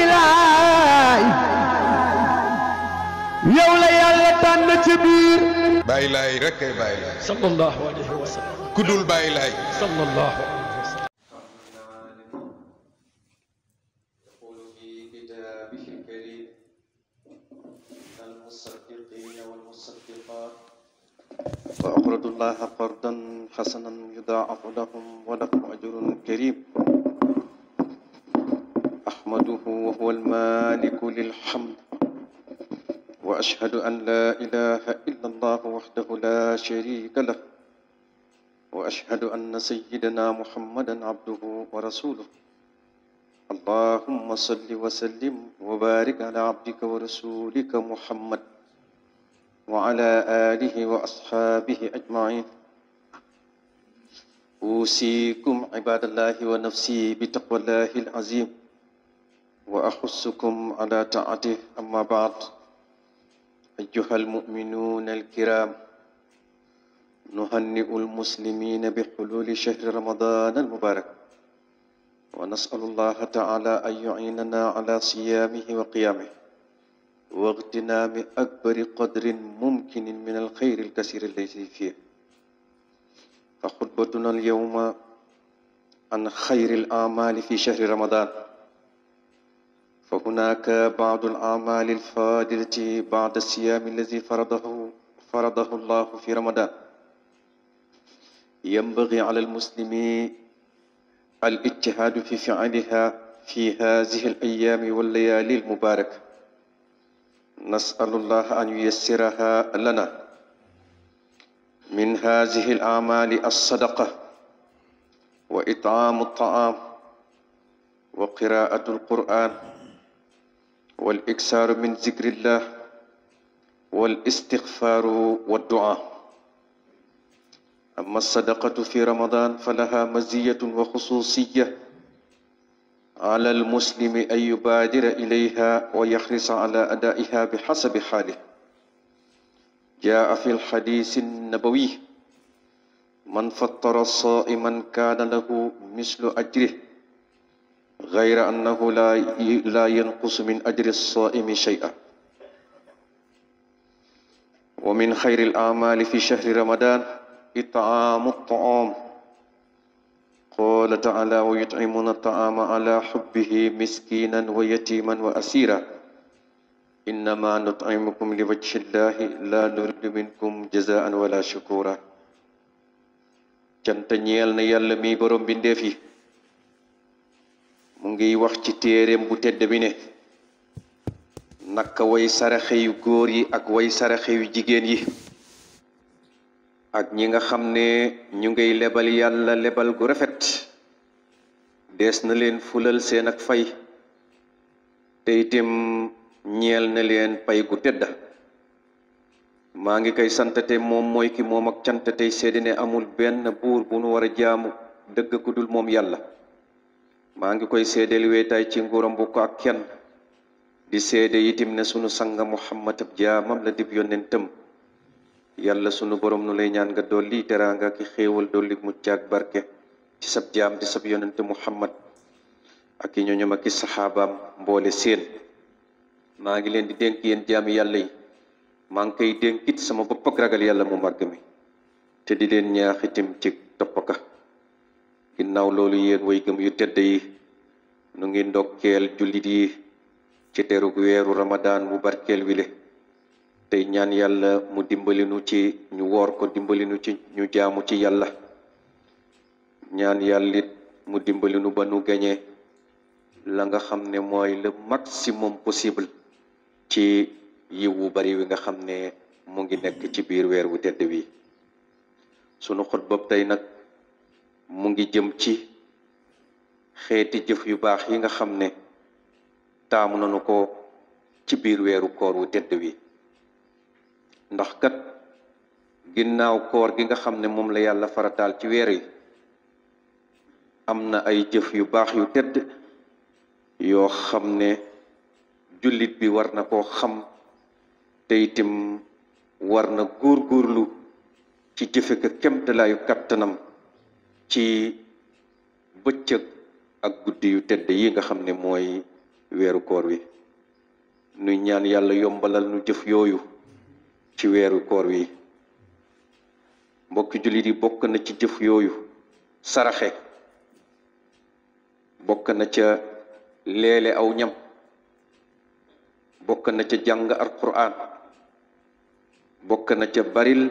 laay yow la yàlla tànn ci biir. bàyyi laay rek kay bàyyi laay. sallallahu alayhi wa sallam. ku dul bàyyi laay. sallallahu alayhi wa sallam. وأقرضوا الله قرضا حسنا يضاعف لهم ولهم أجر كريم هو المالك للحمد وأشهد أن لا إله إلا الله وحده لا شريك له وأشهد أن سيدنا محمدا عبده ورسوله اللهم صل وسلم وبارك على عبدك ورسولك محمد وعلى آله وأصحابه أجمعين أوصيكم عباد الله ونفسي بتقوى الله العظيم وأخصكم على طاعته أما بعد أيها المؤمنون الكرام نهنئ المسلمين بحلول شهر رمضان المبارك ونسأل الله تعالى أن يعيننا على صيامه وقيامه واغتنام أكبر قدر ممكن من الخير الكثير الذي فيه فخطبتنا اليوم عن خير الأعمال في شهر رمضان وهناك بعض الأعمال الفاضلة بعد الصيام الذي فرضه فرضه الله في رمضان ينبغي على المسلم الاجتهاد في فعلها في هذه الأيام والليالي المباركة نسأل الله أن ييسرها لنا من هذه الأعمال الصدقة وإطعام الطعام وقراءة القرآن والإكثار من ذكر الله والاستغفار والدعاء أما الصدقة في رمضان فلها مزية وخصوصية على المسلم أن يبادر إليها ويحرص على أدائها بحسب حاله جاء في الحديث النبوي من فطر صائما كان له مثل أجره غير أنه لا لا ينقص من أجر الصائم شيئا ومن خير الأعمال في شهر رمضان إطعام الطعام قال تعالى ويطعمون الطعام على حبه مسكينا ويتيما وأسيرا إنما نطعمكم لوجه الله لا نريد منكم جزاء ولا شكورا جنتنيال نيال مي yàlla mi mu ngiy wax ci téereem bu tedd bi ne naka way saraxe yu góor yi ak way saraxe yu jigéen yi ak ñi nga xam ne ñu ngiy lebal yàlla lebal gu rafet des na leen fulal seen ak fay te itam ñeel na leen pay gu tedda maa ngi koy santate moom mooy ki moom ak tey seede ne amul benn buur bu nu war a jaamu dëgg ku dul moom yàlla maa ngi koy seedeel wéetaay ci nguuram bu ko ak kenn di seede itim na sunu sanga muhammad ab jaamam la dib yonentam yàlla sunu borom nu lay ñaan nga dolli teraanga ki xéewal dolli mucc ak barke ci sab jaam di sab yonent muhammad ak i ñooñam ak i saxaabaam mboole seen maa ngi leen di dénk yéen jaami yàlla maa ngi koy dénkit sama bopp ragal yàlla mu màgg mi te di leen ñaaxitim ci toppaka ginnaaw loolu yéen way gëm yu tedd yi nu ngi ndokkeel jullit yi ci terug weeru ramadaan bu barkeel wile tey ñaan yàlla mu dimbalinu ci ñu woor ko dimbalinu ci ñu jaamu ci yàlla ñaan yàlla it mu dimbali nu ba nu gañee la nga xam ne mooy le maximum possible ci yiw wu bari wi nga xam ne mu ngi nekk ci biir weer wu tedd wi sunu xutba tey nag mu ngi jëm ci xeeti jëf yu baax yi nga xam ne taamu nañu ko ci biir weeru koor wu tedd wi ndax kat ginnaaw koor gi nga xam ne moom la yàlla farataal ci weer yi am na ay jëf yu baax yu tedd yoo xam ne jullit bi war na koo xam te itam war na góorgóorlu ci jëfe ka kemtalaayu kattanam ci bëccëg ak guddi yu tedd yi nga xam ne mooy weeru koor wi nuy ñaan yàlla yombalal nu jëf yooyu ci weeru koor wi mbokki jullit yi bokk na ci jëf yooyu saraxe bokk na ca leele aw ñam bokk na ca jàng alquran bokk na ca baril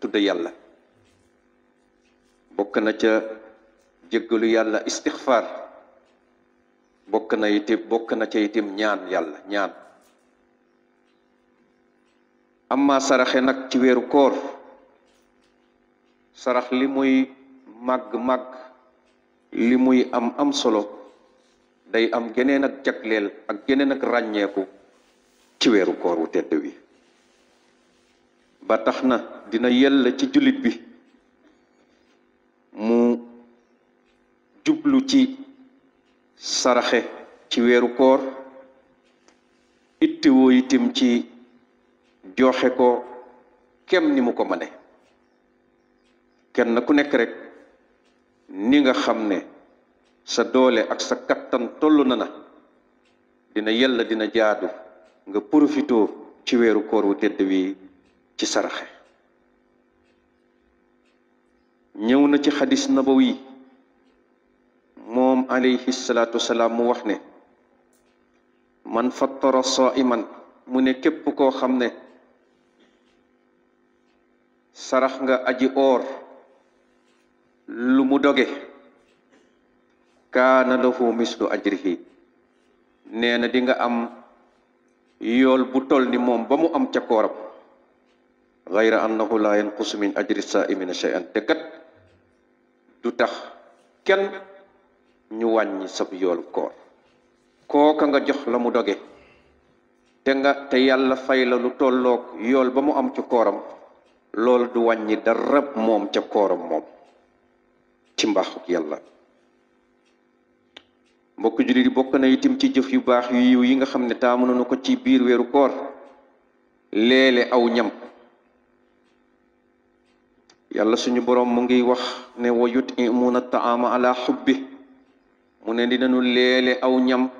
tudd yàlla bokk na ca jéggalu yàlla istixfaar bokk na itim bokk na ca itim ñaan yàlla ñaan amma saraxe nag ci weeru koor sarax li muy màgg-màgg li muy am am solo day am geneen ak jagleel ak geneen ak ràññeeku ci weeru koor wu tedd wi ba tax na dina yell ci jullit bi mu jublu ci saraxe ci weeru koor ittewoo itam ci joxe ko kem ni mu ko mane kenn ku nekk rek ni nga xam ne sa doole ak sa kattan tollu nana na dina yella dina jaadu nga profitoo ci weeru koor wu tedd wi ci saraxe ñëw na ci xadis nabawi moom alayhi salaatu salaam mu wax ne man toro fattara saiman mu ne képp koo xam ne sarax nga aji oor lu mu doge kaana lahu mislu ajrihi nee na di nga am yool bu tol ni moom ba mu am ca kooram gayra annahu la yanqusu min ajri saimina shay'an te kat du tax kenn ñu wàññi sab yool koor kooka nga jox la mu doge te nga te yàlla fay la lu tolloog yool ba mu am ca kooram loolu du wàññi dara moom ca kooram moom ci mbaaxuk yàlla mbokk jullit yi bokk na itam ci jëf yu baax yu yiw yi nga xam ne taamu nu ko ci biir weeru koor léele aw ñam yalla suñu borom mo ngi wax ne wayut imuna taama ala hubbi mune ne dinañu au aw ñam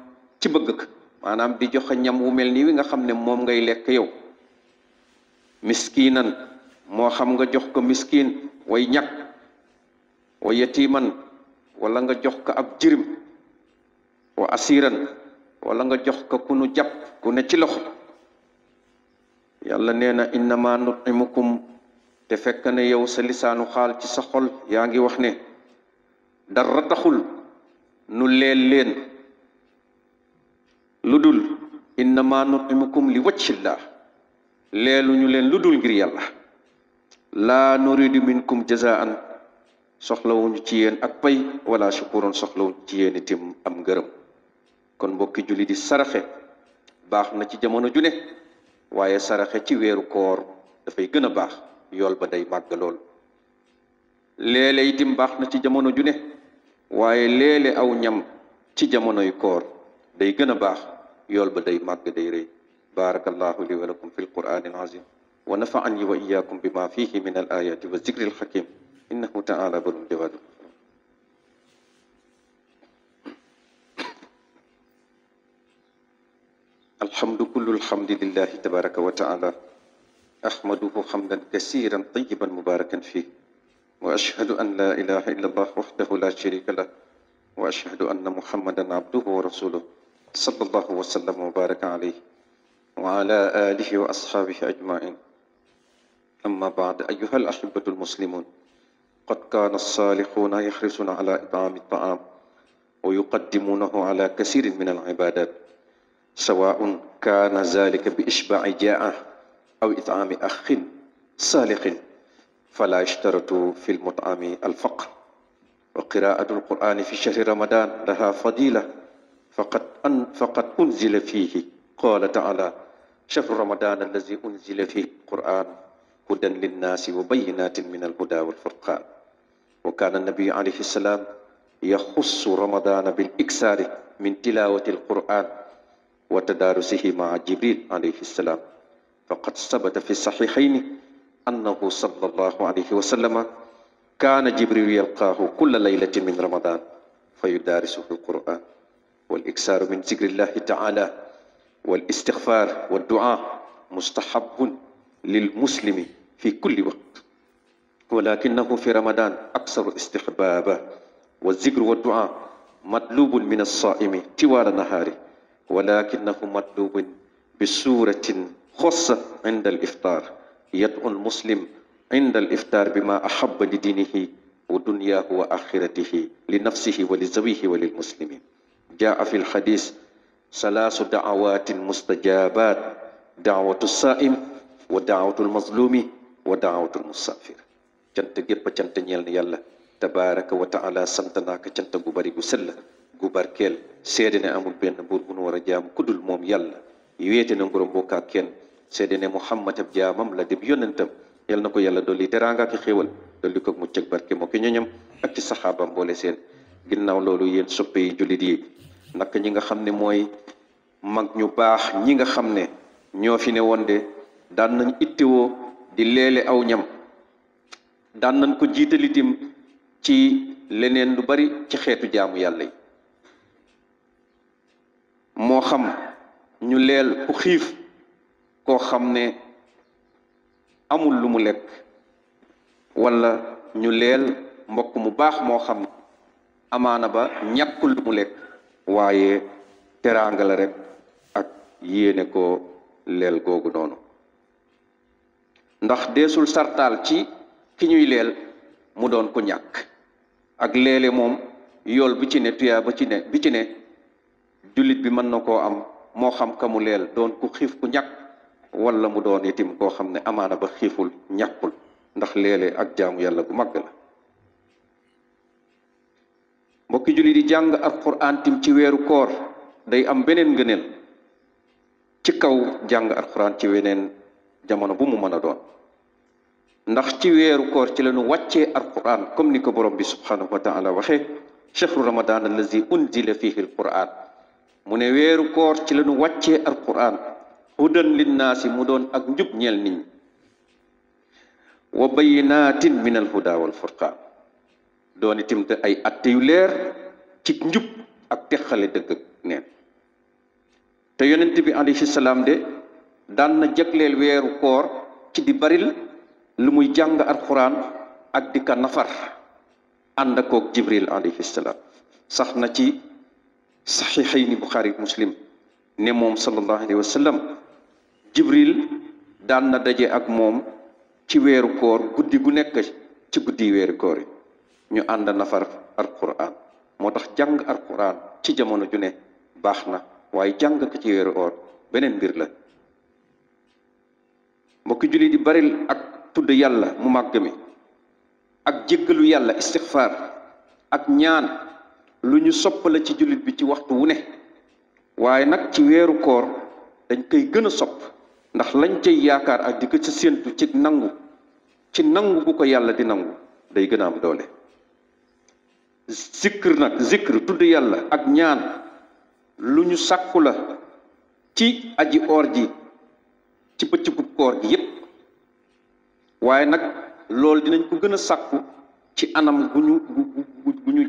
ci bëgg ka manam di joxe ñam wu melni wi nga xamne ne ngay lek yow miskinan mo xam nga jox ko miskin way ñak way yatiman wala nga jox ko ab jirim wa asiran wala nga jox ko ku nu japp ku ne ci loxo yalla neena inna ma nutimukum te fekk ne yow sa lisaanu xaal ci sa yaa ngi wax ne dara taxul nu leel leen lu dul innama nutimukum li wajhillah leeluñu leen lu dul ngir yàlla laa nuridu minkum jazaan soxlawuñu ci yéen ak pay wala shukuron soxlawuñu ci yéen itim am ngërëm kon mbokki julli di saraxe baax na ci jamono ju ne waaye saraxe ci weeru koor dafay gën a baax yol ba day mag lool lele itim baxna ci jamono ju ne waye lele aw ñam ci jamono yu koor day gëna bax yol ba day mag day reey بارك الله لي ولكم في القرآن العظيم ونفعني وإياكم بما فيه من الآيات والذكر الحكيم إنه تعالى بر جواد الحمد كل الحمد لله تبارك وتعالى أحمده حمدا كثيرا طيبا مباركا فيه وأشهد أن لا إله إلا الله وحده لا شريك له وأشهد أن محمدا عبده ورسوله صلى الله وسلم وبارك عليه وعلى آله وأصحابه أجمعين أما بعد أيها الأحبة المسلمون قد كان الصالحون يحرصون على إطعام الطعام ويقدمونه على كثير من العبادات سواء كان ذلك بإشباع جائع أو إطعام أخ سالق فلا يشترط في المطعم الفقر وقراءة القرآن في شهر رمضان لها فضيلة فقد, أن فقد أنزل فيه قال تعالى شهر رمضان الذي أنزل فيه القرآن هدى للناس وبينات من الهدى والفرقان وكان النبي عليه السلام يخص رمضان بالإكسار من تلاوة القرآن وتدارسه مع جبريل عليه السلام فقد ثبت في الصحيحين أنه صلى الله عليه وسلم كان جبريل يلقاه كل ليلة من رمضان فيدارسه القرآن والإكسار من ذكر الله تعالى والاستغفار والدعاء مستحب للمسلم في كل وقت ولكنه في رمضان أكثر استحبابا والذكر والدعاء مطلوب من الصائم طوال نهاره ولكنه مطلوب بصورة خاصة عند الإفطار يدعو المسلم عند الإفطار بما أحب لدينه ودنياه وآخرته لنفسه ولزويه وللمسلمين جاء في الحديث ثلاث دعوات مستجابات دعوة الصائم ودعوة المظلوم ودعوة المسافر جنت جيب جنت يلا تبارك وتعالى سنتناك جنت غبري غسل غبر كيل سيدنا أمو بين نبور ونور جام كدل موم يلا يويتنا نقرم بوكا كين seede ne Muhammad ab jaamam la dib yonentam yal na ko yàlla dolli teraanga ki xéewal dolli ko mucc ak barke moo ki ñoñam ak ci saxaabam boole seen ginnaaw loolu yéen soppe yi jullit yi naka ñi nga xam ne mooy mag ñu baax ñi nga xam ne ñoo fi ne woon de daan nañ ittewoo di leele aw ñam daan nañ ko jiitalitim ci leneen lu bari ci xeetu jaamu yàlla yi moo xam ñu leel ku xiif koo xam ne amul lu mu lekk wala ñu leel mbokk mu baax moo xam ne amaana ba ñàkkul lu mu lekk waaye teraanga la rek ak yéene koo leel googu noonu ndax deesul sartaal ci ki ñuy leel mu doon ku ñàkk ak leele moom yool bi ci ne tuyaa ba ci ne bi ci ne jullit bi mën na koo am moo xam ka leel doon ku xiif ku ñàkk wala mu doon itim koo xam ne amaana ba xiiful ñàkkul ndax léeg-léeg ak jaamu yàlla bu mag la mbokki julli di jàng alquran tim ci weeru koor day am beneen ngëneel ci kaw jàng alquran ci weneen jamono bu mu mën a doon ndax ci weeru koor ci la lañu wàccee alquran comme ni ko borom bi subhanahu waxe taala waxee chahru ramadan allazi unzila fihi alquran mu ne weeru koor ci lañu wàccee alquran hudan lin nasi mudon ak njub ñel nit wa bayyinatin min al huda wal furqaan doni itam te ay atte yu leer ci njub ak texale dëgg ak neen te yonent bi alayhi salam de dan na jeklel weru koor ci di baril lu muy al alquran ak di nafar ànd akoog jibril alayhi salam, sax na ci saxiixayni bukhari muslim ne mom sallallahu alaihi wasallam jibril daan na daje ak moom ci weeru koor guddi gu nekk ci guddi weeru koor yi ñu ànd nafar alquran moo tax jàng alquran ci jamono ju ne baax na waaye jàng ko ci weeru oor beneen mbir la mbokki julli di baril ak tudd yàlla mu màgg mi ak jëkkalu yàlla istixfaar ak ñaan lu ñu sopp la ci jullit bi ci waxtu wu ne waaye nag ci weeru koor dañ koy gën a sopp ndax lañ cay yaakaar ak di ko ci séentu ci nangu ci nangu bu ko yàlla di nangu day gën a am doole zikr nag zikr tudd yàlla ak ñaan lu ñu sàkku la ci aji oor ji ci bëccëgu koor gi yépp waaye nag loolu dinañ ko gën a sàkku ci anam gu ñu gu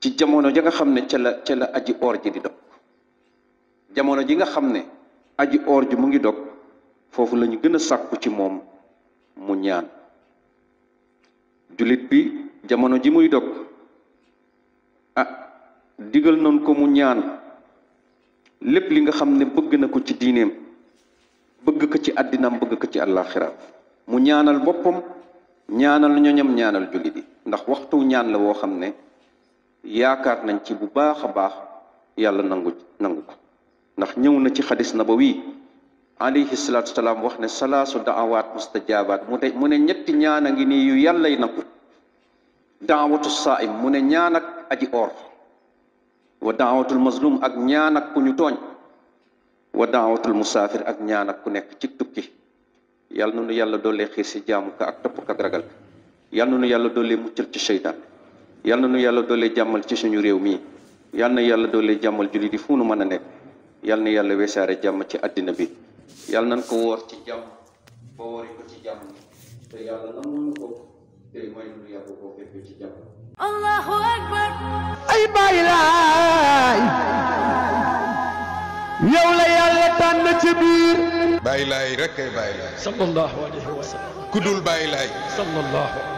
ci jamono ja nga xam ne ca la ca la aji oor ji di dox jamono ji nga xam ne aji or ji mu ngi dog foofu lañu ñu gën a sàkku ci moom mu ñaan jullit bi jamono ji muy dog ah digal noon ko mu ñaan lépp li nga xam ne bëgg na ko ci diineem bëgg ko ci àddinaam bëgg ko ci àllaaxiraam mu ñaanal boppam ñaanal ñoñam ñaanal jullit yi ndax waxtu ñaan la woo xam ne yaakaar nañ ci bu baax a baax yàlla nangu nangu ko ndax ñëw na ci xadis nabawi alayhi salaatu salaam wax ne salaasu daawaat mustajaabaat mu de mu ne ñetti ñaan a ngi nii yu yàlla yi nangu daawatu mu ne ñaan ak aji or wa daawatul mazlum ak ñaan ak ku ñu tooñ wa daawatul musaafir ak ñaan ku nekk ci tukki yàlla na nu yàlla doole xiir si jaamu ka ak topp ka ak ragal yàlla na nu yàlla doole muccal ci seytaan yàlla na nu yàlla doole jàmmal ci suñu réew mii yàlla na yàlla doole jàmmal julli di fu nu mën a nekk yal na yàlla wesaare jàmm ci àddina bi yal nañ ko woor ci jàmm ba woori ci jàmm te akbar ay bàyyi laay yow la yàlla tànn ci biir bàyyi laay rek kay bàyyi laay sallallahu alayhi wa